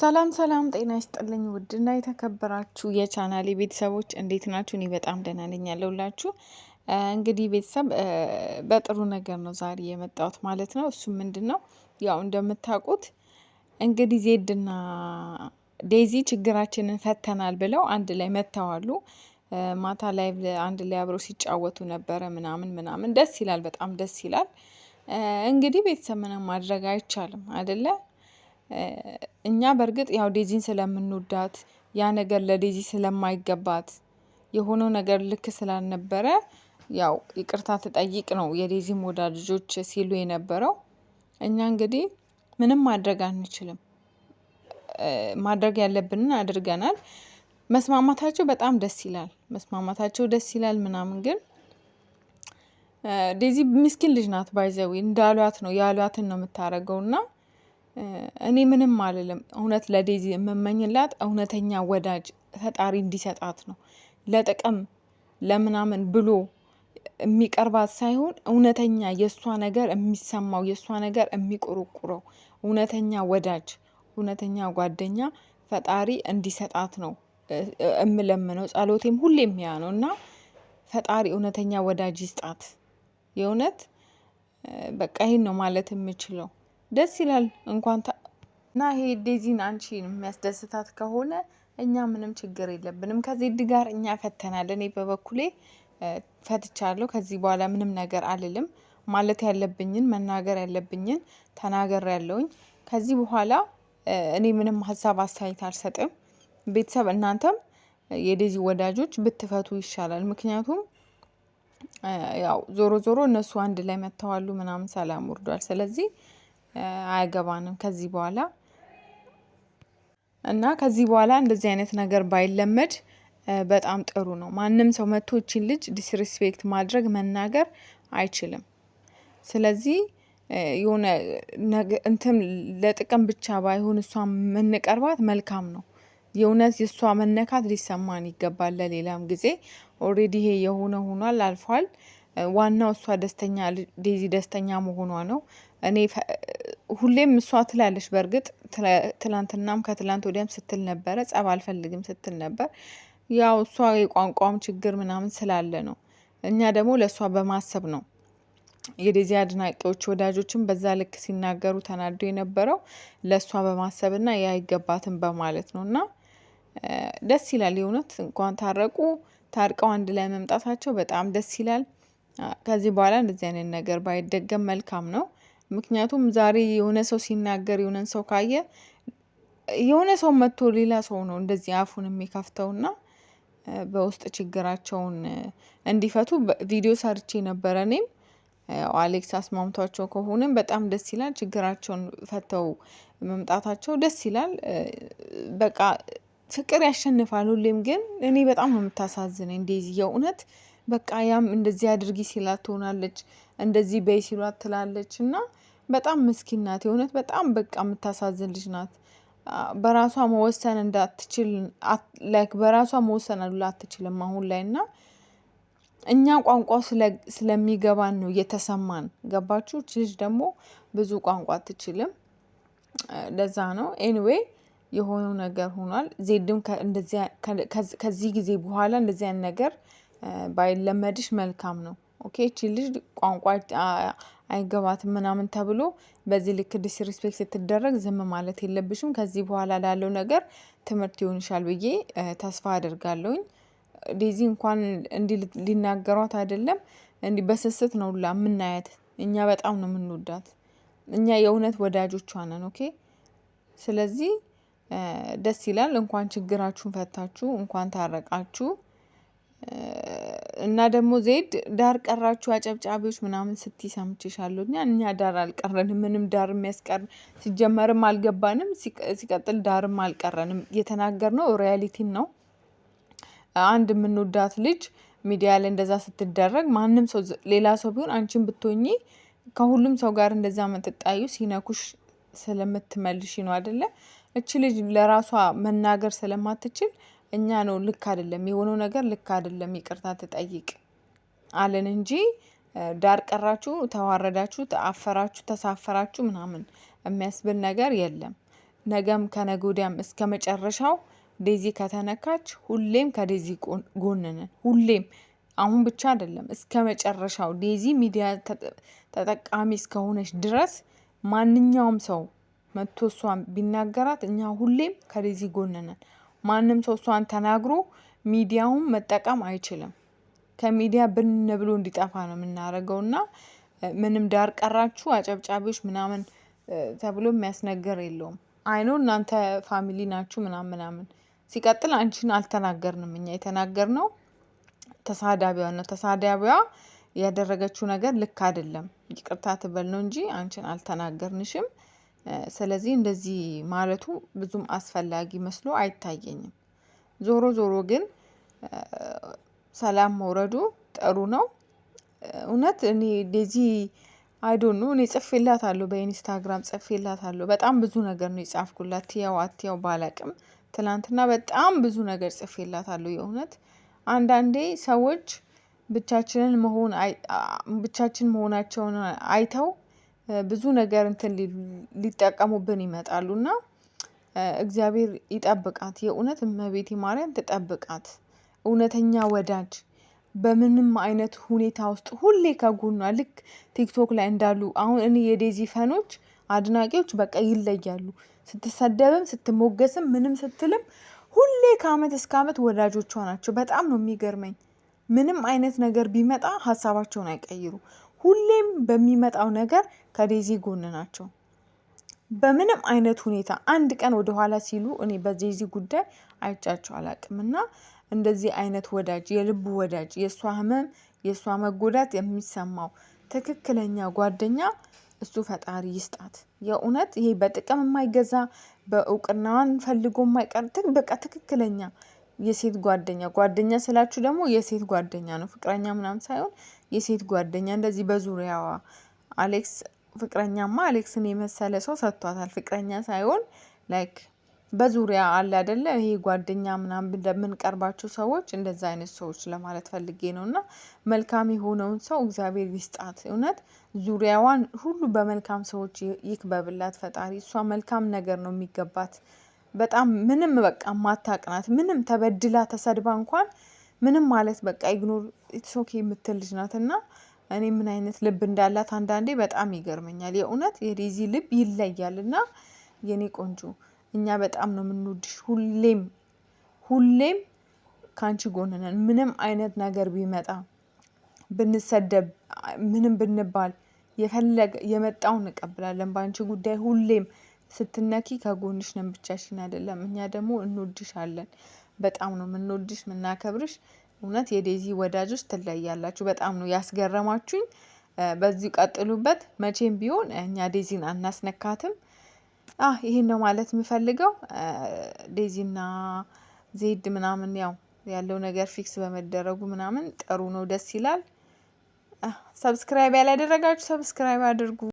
ሰላም ሰላም፣ ጤና ይስጥልኝ ውድና የተከበራችሁ የቻናሌ ቤተሰቦች እንዴት ናችሁ? እኔ በጣም ደህና ነኝ ያለሁላችሁ። እንግዲህ ቤተሰብ በጥሩ ነገር ነው ዛሬ የመጣሁት ማለት ነው። እሱም ምንድን ነው ያው እንደምታውቁት እንግዲህ ዜድና ዴዚ ችግራችንን ፈተናል ብለው አንድ ላይ መጥተዋሉ። ማታ ላይ አንድ ላይ አብረው ሲጫወቱ ነበረ ምናምን ምናምን። ደስ ይላል፣ በጣም ደስ ይላል። እንግዲህ ቤተሰብ ምንም ማድረግ አይቻልም አይደለ እኛ በእርግጥ ያው ዴዚን ስለምንወዳት ያ ነገር ለዴዚ ስለማይገባት የሆነው ነገር ልክ ስላልነበረ ያው ይቅርታ ትጠይቅ ነው የዴዚም ወዳጆች ሲሉ የነበረው። እኛ እንግዲህ ምንም ማድረግ አንችልም። ማድረግ ያለብንን አድርገናል። መስማማታቸው በጣም ደስ ይላል መስማማታቸው ደስ ይላል ምናምን ግን ዴዚ ምስኪን ልጅ ናት ባይ እንዳሏት ነው ያሏትን ነው የምታደርገው እና እኔ ምንም አልልም። እውነት ለዴዚ የምመኝላት እውነተኛ ወዳጅ ፈጣሪ እንዲሰጣት ነው። ለጥቅም ለምናምን ብሎ የሚቀርባት ሳይሆን እውነተኛ የእሷ ነገር የሚሰማው የእሷ ነገር የሚቆረቁረው እውነተኛ ወዳጅ እውነተኛ ጓደኛ ፈጣሪ እንዲሰጣት ነው እምለምነው። ጸሎቴም ሁሌም ያ ነው እና ፈጣሪ እውነተኛ ወዳጅ ይስጣት። የእውነት በቃ ይህን ነው ማለት የምችለው። ደስ ይላል እንኳን እና ይሄ ዴዚን አንቺ የሚያስደስታት ከሆነ እኛ ምንም ችግር የለብንም። ከዜድ ጋር እኛ ፈተናል። እኔ በበኩሌ ፈትቻለሁ። ከዚህ በኋላ ምንም ነገር አልልም። ማለት ያለብኝን መናገር ያለብኝን ተናገር ያለውኝ። ከዚህ በኋላ እኔ ምንም ሀሳብ አስተያየት አልሰጥም። ቤተሰብ እናንተም የዴዚ ወዳጆች ብትፈቱ ይሻላል። ምክንያቱም ያው ዞሮ ዞሮ እነሱ አንድ ላይ መጥተዋሉ ምናምን ሰላም ወርዷል። ስለዚህ አያገባንም ከዚህ በኋላ እና ከዚህ በኋላ እንደዚህ አይነት ነገር ባይለመድ በጣም ጥሩ ነው። ማንም ሰው መጥቶ እችን ልጅ ዲስሪስፔክት ማድረግ መናገር አይችልም። ስለዚህ የሆነ እንትን ለጥቅም ብቻ ባይሆን እሷ የምንቀርባት መልካም ነው። የእውነት የእሷ መነካት ሊሰማን ይገባል። ለሌላም ጊዜ ኦልሬዲ ይሄ የሆነ ሆኗል፣ አልፏል። ዋናው እሷ ደስተኛ ዴዚ ደስተኛ መሆኗ ነው። እኔ ሁሌም እሷ ትላለች። በእርግጥ ትላንትናም ከትላንት ወዲያም ስትል ነበረ፣ ጸብ አልፈልግም ስትል ነበር። ያው እሷ የቋንቋም ችግር ምናምን ስላለ ነው። እኛ ደግሞ ለእሷ በማሰብ ነው የዴዚ አድናቂዎች ወዳጆችን በዛ ልክ ሲናገሩ ተናዶ የነበረው ለእሷ በማሰብና ያ አይገባትም በማለት ነው። እና ደስ ይላል የእውነት እንኳን ታረቁ ታርቀው አንድ ላይ መምጣታቸው በጣም ደስ ይላል። ከዚህ በኋላ እንደዚህ አይነት ነገር ባይደገም መልካም ነው። ምክንያቱም ዛሬ የሆነ ሰው ሲናገር የሆነን ሰው ካየ የሆነ ሰው መጥቶ ሌላ ሰው ነው እንደዚህ አፉን የሚከፍተውና በውስጥ ችግራቸውን እንዲፈቱ ቪዲዮ ሰርቼ ነበረ። እኔም አሌክስ አስማምቷቸው ከሆነም በጣም ደስ ይላል። ችግራቸውን ፈተው መምጣታቸው ደስ ይላል። በቃ ፍቅር ያሸንፋል ሁሌም። ግን እኔ በጣም ነው የምታሳዝነኝ እንደዚህ የእውነት በቃ ያም እንደዚህ አድርጊ ሲላት ትሆናለች፣ እንደዚህ በይ ሲሏት ትላለች። እና በጣም ምስኪን ናት። የእውነት በጣም በቃ የምታሳዝን ልጅ ናት። በራሷ መወሰን እንዳትችል ላይክ በራሷ መወሰን አሉላ አትችልም አሁን ላይ እና እኛ ቋንቋ ስለሚገባን ነው እየተሰማን ገባችሁ። ልጅ ደግሞ ብዙ ቋንቋ አትችልም፣ ለዛ ነው ኤኒዌይ የሆነው ነገር ሆኗል። ዜድም ከዚህ ጊዜ በኋላ እንደዚያን ነገር ባይለመድሽ መልካም ነው። ኦኬ ይቺ ልጅ ቋንቋ አይገባትም ምናምን ተብሎ በዚህ ልክ ዲስሪስፔክት ስትደረግ ዝም ማለት የለብሽም ከዚህ በኋላ ላለው ነገር ትምህርት ይሆንሻል ብዬ ተስፋ አደርጋለሁኝ። ዴዚ እንኳን እንዲ ሊናገሯት አይደለም እንዲ በስስት ነው ላ የምናያት እኛ በጣም ነው የምንወዳት። እኛ የእውነት ወዳጆቿ ነን ኦኬ። ስለዚህ ደስ ይላል እንኳን ችግራችሁን ፈታችሁ እንኳን ታረቃችሁ እና ደግሞ ዜድ ዳር ቀራችሁ አጨብጫቢዎች ምናምን ስትይ ሰምቼሻለሁ። እኛ እኛ ዳር አልቀረንም፣ ምንም ዳር የሚያስቀር ሲጀመርም አልገባንም፣ ሲቀጥል ዳርም አልቀረንም። የተናገርነው ሪያሊቲን ነው። አንድ የምንወዳት ልጅ ሚዲያ ላይ እንደዛ ስትደረግ ማንም ሰው ሌላ ሰው ቢሆን አንቺን ብትሆኚ ከሁሉም ሰው ጋር እንደዛ ምትጣዩ ሲነኩሽ ስለምትመልሽ ነው አይደለ? እች ልጅ ለራሷ መናገር ስለማትችል እኛ ነው ልክ አይደለም የሆነው ነገር ልክ አይደለም ይቅርታ ትጠይቅ አለን እንጂ ዳር ቀራችሁ ተዋረዳችሁ ተአፈራችሁ ተሳፈራችሁ ምናምን የሚያስብል ነገር የለም። ነገም ከነጎዲያም እስከ መጨረሻው ዴዚ ከተነካች ሁሌም ከዴዚ ጎን ነን። ሁሌም አሁን ብቻ አይደለም እስከ መጨረሻው ዴዚ ሚዲያ ተጠቃሚ እስከሆነች ድረስ ማንኛውም ሰው መጥቶ እሷን ቢናገራት እኛ ሁሌም ከዴዚ ጎን ነን። ማንም ሰው እሷን ተናግሮ ሚዲያውን መጠቀም አይችልም። ከሚዲያ ብን ብሎ እንዲጠፋ ነው የምናደርገው እና ምንም ዳር ቀራችሁ አጨብጫቢዎች ምናምን ተብሎ የሚያስነገር የለውም። አይኖ እናንተ ፋሚሊ ናችሁ ምናምን ምናምን ሲቀጥል አንቺን አልተናገርንም እኛ የተናገርነው ተሳዳቢዋ ነው ተሳዳቢዋ ያደረገችው ነገር ልክ አይደለም ይቅርታ ትበል ነው እንጂ አንቺን አልተናገርንሽም። ስለዚህ እንደዚህ ማለቱ ብዙም አስፈላጊ መስሎ አይታየኝም። ዞሮ ዞሮ ግን ሰላም መውረዱ ጥሩ ነው። እውነት እኔ ዴዚ አይ ዶንት ኖ እኔ ጽፌላታለሁ በኢንስታግራም አለሁ። በጣም ብዙ ነገር ነው የጻፍኩላት ትያው አትያው ባላቅም ትላንትና በጣም ብዙ ነገር አለሁ። የእውነት አንዳንዴ ሰዎች ብቻችንን መሆን ብቻችን መሆናቸውን አይተው ብዙ ነገር እንትን ሊጠቀሙብን ይመጣሉ እና እግዚአብሔር ይጠብቃት የእውነት እመቤቴ ማርያም ትጠብቃት። እውነተኛ ወዳጅ በምንም አይነት ሁኔታ ውስጥ ሁሌ ከጎኗ ልክ ቲክቶክ ላይ እንዳሉ አሁን እኔ የዴዚ ፈኖች አድናቂዎች በቃ ይለያሉ ስትሰደብም ስትሞገስም ምንም ስትልም ሁሌ ከአመት እስከ አመት ወዳጆቿ ናቸው። በጣም ነው የሚገርመኝ። ምንም አይነት ነገር ቢመጣ ሀሳባቸውን አይቀይሩ ሁሌም በሚመጣው ነገር ከዴዚ ጎን ናቸው። በምንም አይነት ሁኔታ አንድ ቀን ወደኋላ ሲሉ እኔ በዴዚ ጉዳይ አይቻቸው አላቅም እና እንደዚህ አይነት ወዳጅ፣ የልቡ ወዳጅ፣ የእሷ ህመም፣ የእሷ መጎዳት የሚሰማው ትክክለኛ ጓደኛ እሱ ፈጣሪ ይስጣት። የእውነት ይሄ በጥቅም የማይገዛ በእውቅናዋን ፈልጎ የማይቀር በቃ ትክክለኛ የሴት ጓደኛ ጓደኛ ስላችሁ ደግሞ የሴት ጓደኛ ነው፣ ፍቅረኛ ምናምን ሳይሆን የሴት ጓደኛ እንደዚህ በዙሪያዋ አሌክስ ፍቅረኛማ አሌክስን የመሰለ ሰው ሰጥቷታል። ፍቅረኛ ሳይሆን ላይክ በዙሪያ አለ አይደለ? ይሄ ጓደኛ ምናምን እንደምንቀርባቸው ሰዎች እንደዛ አይነት ሰዎች ለማለት ፈልጌ ነው። እና መልካም የሆነውን ሰው እግዚአብሔር ይስጣት። እውነት ዙሪያዋን ሁሉ በመልካም ሰዎች ይክበብላት ፈጣሪ። እሷ መልካም ነገር ነው የሚገባት። በጣም ምንም በቃ ማታቅናት ምንም ተበድላ ተሰድባ እንኳን ምንም ማለት በቃ ኢግኖር ኢትስ ኦኬ የምትል ልጅ ናት። እና እኔ ምን አይነት ልብ እንዳላት አንዳንዴ በጣም ይገርመኛል። የእውነት የዴዚ ልብ ይለያል። እና የኔ ቆንጆ እኛ በጣም ነው የምንወድሽ። ሁሌም ሁሌም ከአንቺ ጎን ነን። ምንም አይነት ነገር ቢመጣ ብንሰደብ፣ ምንም ብንባል የፈለገ የመጣውን እንቀብላለን። በአንቺ ጉዳይ ሁሌም ስትነኪ ከጎንሽ ነን፣ ብቻሽን አይደለም። እኛ ደግሞ አለን። በጣም ነው የምንወድሽ የምናከብርሽ። እውነት የዴዚ ወዳጆች ትለያላችሁ። በጣም ነው ያስገረማችሁኝ። በዚሁ ቀጥሉበት። መቼም ቢሆን እኛ ዴዚን አናስነካትም። ይህን ነው ማለት የምፈልገው። ዴዚና ዜድ ምናምን ያው ያለው ነገር ፊክስ በመደረጉ ምናምን ጥሩ ነው፣ ደስ ይላል። ሰብስክራይብ ያላደረጋችሁ ሰብስክራይብ አድርጉ።